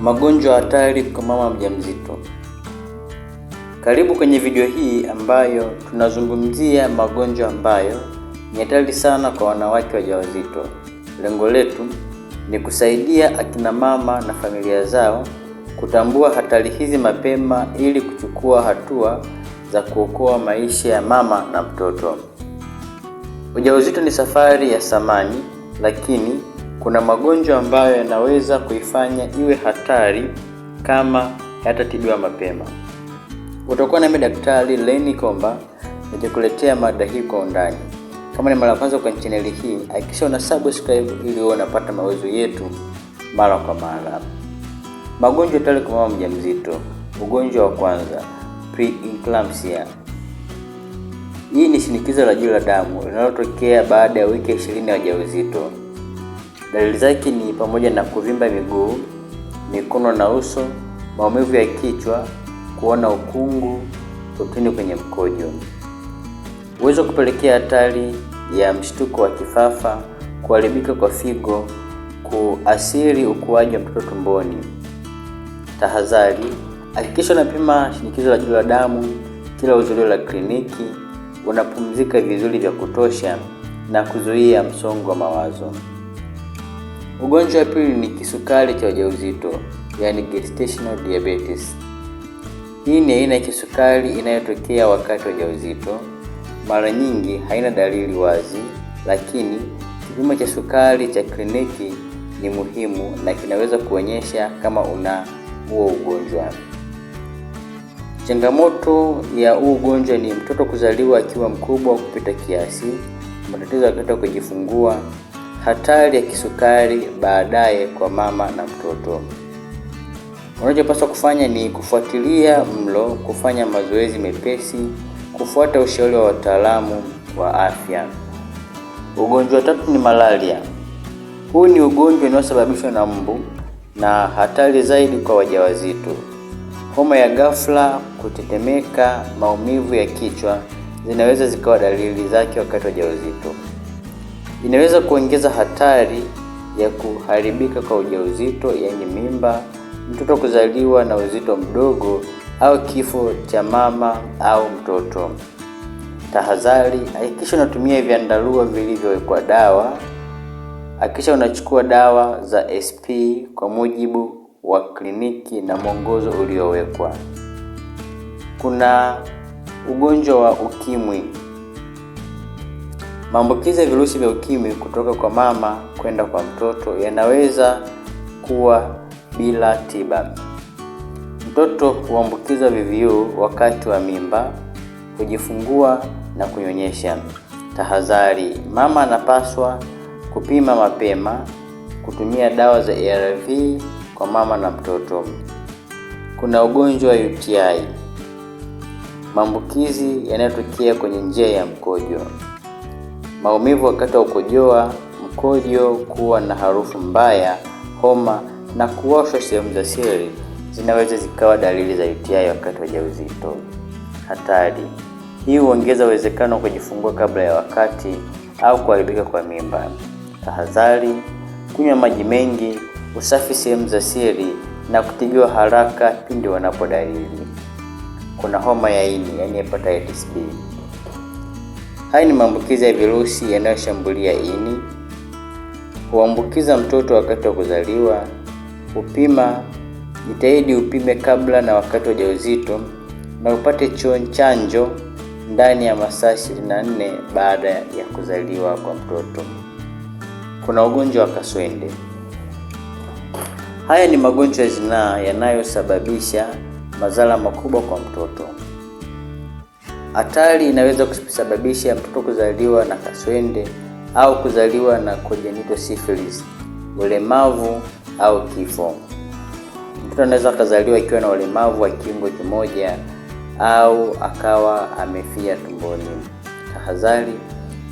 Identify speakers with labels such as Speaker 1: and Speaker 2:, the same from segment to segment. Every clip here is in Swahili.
Speaker 1: Magonjwa hatari kwa mama mjamzito. Karibu kwenye video hii ambayo tunazungumzia magonjwa ambayo ni hatari sana kwa wanawake wajawazito. Lengo letu ni kusaidia akina mama na familia zao kutambua hatari hizi mapema ili kuchukua hatua za kuokoa maisha ya mama na mtoto. Ujauzito ni safari ya samani, lakini kuna magonjwa ambayo yanaweza kuifanya iwe hatari kama yatatibiwa mapema. Utakuwa nami Daktari Lenny Komba nikikuletea mada hii kwa undani. Kama ni mara ya kwanza kwa chaneli hii, hakikisha una subscribe ili uwe unapata mawezo yetu mara kwa mara. Magonjwa hatari kwa mama mjamzito. Ugonjwa wa kwanza, preeclampsia. Hii ni shinikizo la juu la damu linalotokea baada ya wiki ishirini ya ujauzito. Dalili zake ni pamoja na kuvimba miguu, mikono na uso, maumivu ya kichwa, kuona ukungu, utini kwenye mkojo. Uwezo kupelekea hatari ya mshtuko wa kifafa, kuharibika kwa figo, kuathiri ukuaji wa mtoto tumboni. Tahadhari: hakikisha unapima shinikizo la juu la damu kila uzulio la kliniki, unapumzika vizuri vya kutosha na kuzuia msongo wa mawazo. Ugonjwa wa pili ni kisukari cha ujauzito, yani gestational diabetes. Hii ni aina ya kisukari inayotokea wakati wa ujauzito. Mara nyingi haina dalili wazi, lakini kipimo cha sukari cha kliniki ni muhimu na kinaweza kuonyesha kama una huo ugonjwa. Changamoto ya huu ugonjwa ni mtoto kuzaliwa akiwa mkubwa kupita kiasi, matatizo wakati wa kujifungua hatari ya kisukari baadaye kwa mama na mtoto. Unachopaswa kufanya ni kufuatilia mlo, kufanya mazoezi mepesi, kufuata ushauri wa wataalamu wa afya. Ugonjwa wa tatu ni malaria. Huu ni ugonjwa unaosababishwa na mbu na hatari zaidi kwa wajawazito. Homa ya ghafla, kutetemeka, maumivu ya kichwa zinaweza zikawa dalili zake wakati wa ujauzito inaweza kuongeza hatari ya kuharibika kwa ujauzito, yaani mimba, mtoto kuzaliwa na uzito mdogo, au kifo cha mama au mtoto. Tahadhari: hakikisha unatumia vyandarua vilivyowekwa dawa. Hakikisha unachukua dawa za SP kwa mujibu wa kliniki na mwongozo uliowekwa. Kuna ugonjwa wa UKIMWI Maambukizi ya virusi vya ukimwi kutoka kwa mama kwenda kwa mtoto yanaweza kuwa bila tiba. Mtoto huambukizwa VVU wakati wa mimba, kujifungua na kunyonyesha. Tahadhari: mama anapaswa kupima mapema, kutumia dawa za ARV kwa mama na mtoto. Kuna ugonjwa wa UTI, maambukizi yanayotokea kwenye njia ya mkojo maumivu wakati wa kukojoa, mkojo kuwa na harufu mbaya, homa na kuoshwa sehemu za siri zinaweza zikawa dalili za UTI wakati wa ujauzito. Hatari hii huongeza uwezekano wa kujifungua kabla ya wakati au kuharibika kwa mimba. Tahadhari: kunywa maji mengi, usafi sehemu za siri na kutibiwa haraka pindi wanapo dalili. Kuna homa ya ini, yani hepatitis B. Haya ni maambukizi ya virusi yanayoshambulia ini, huambukiza mtoto wakati wa kuzaliwa. Upima, jitahidi upime kabla na wakati wa ujauzito na upate chanjo ndani ya masaa 24 baada ya kuzaliwa kwa mtoto. Kuna ugonjwa wa kaswende. Haya ni magonjwa ya zinaa yanayosababisha madhara makubwa kwa mtoto. Hatari inaweza kusababisha mtoto kuzaliwa na kaswende au kuzaliwa na congenital syphilis, ulemavu au kifo. Mtoto anaweza akazaliwa akiwa na ulemavu wa kiungo kimoja au akawa amefia tumboni. Tahadhari: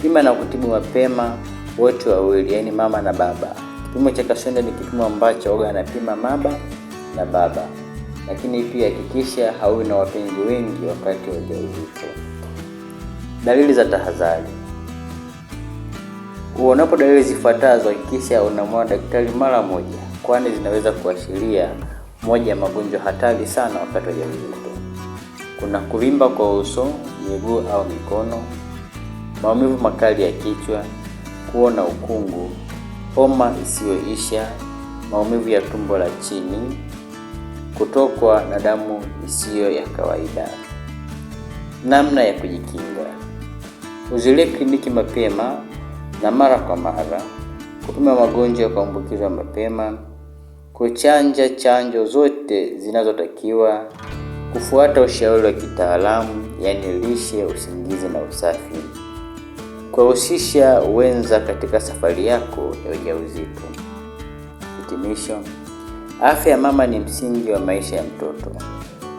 Speaker 1: pima na kutibu mapema wote wawili, yaani mama na baba. Kipimo cha kaswende ni kipimo ambacho oga anapima mama na baba lakini pia hakikisha hauwi na wapenzi wengi wakati wa ujauzito. Dalili za tahadhari: uonapo dalili zifuatazo, hakikisha unamwona daktari mara moja, kwani zinaweza kuashiria moja ya magonjwa hatari sana wakati wa ujauzito. Kuna kuvimba kwa uso, miguu au mikono, maumivu makali ya kichwa, kuona ukungu, homa isiyoisha, maumivu ya tumbo la chini kutokwa na damu isiyo ya kawaida. Namna ya kujikinga: uzilie kliniki mapema na mara kwa mara, kupima magonjwa ya kuambukizwa mapema, kuchanja chanjo zote zinazotakiwa, kufuata ushauri wa kitaalamu, yaani lishe, usingizi na usafi, kuwahusisha wenza katika safari yako ya ujauzito. Hitimisho. Afya ya mama ni msingi wa maisha ya mtoto.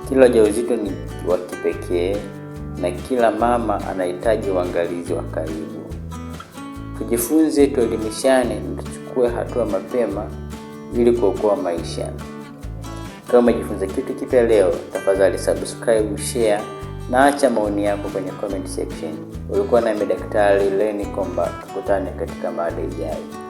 Speaker 1: Kila ujauzito ni wa kipekee na kila mama anahitaji uangalizi wa karibu. Tujifunze, tuelimishane na tuchukue hatua mapema ili kuokoa maisha. Kama umejifunza kitu kipya leo, tafadhali subscribe, share na acha maoni yako kwenye comment section. Ulikuwa nami Daktari Leni Komba, tukutane katika mada ijayo.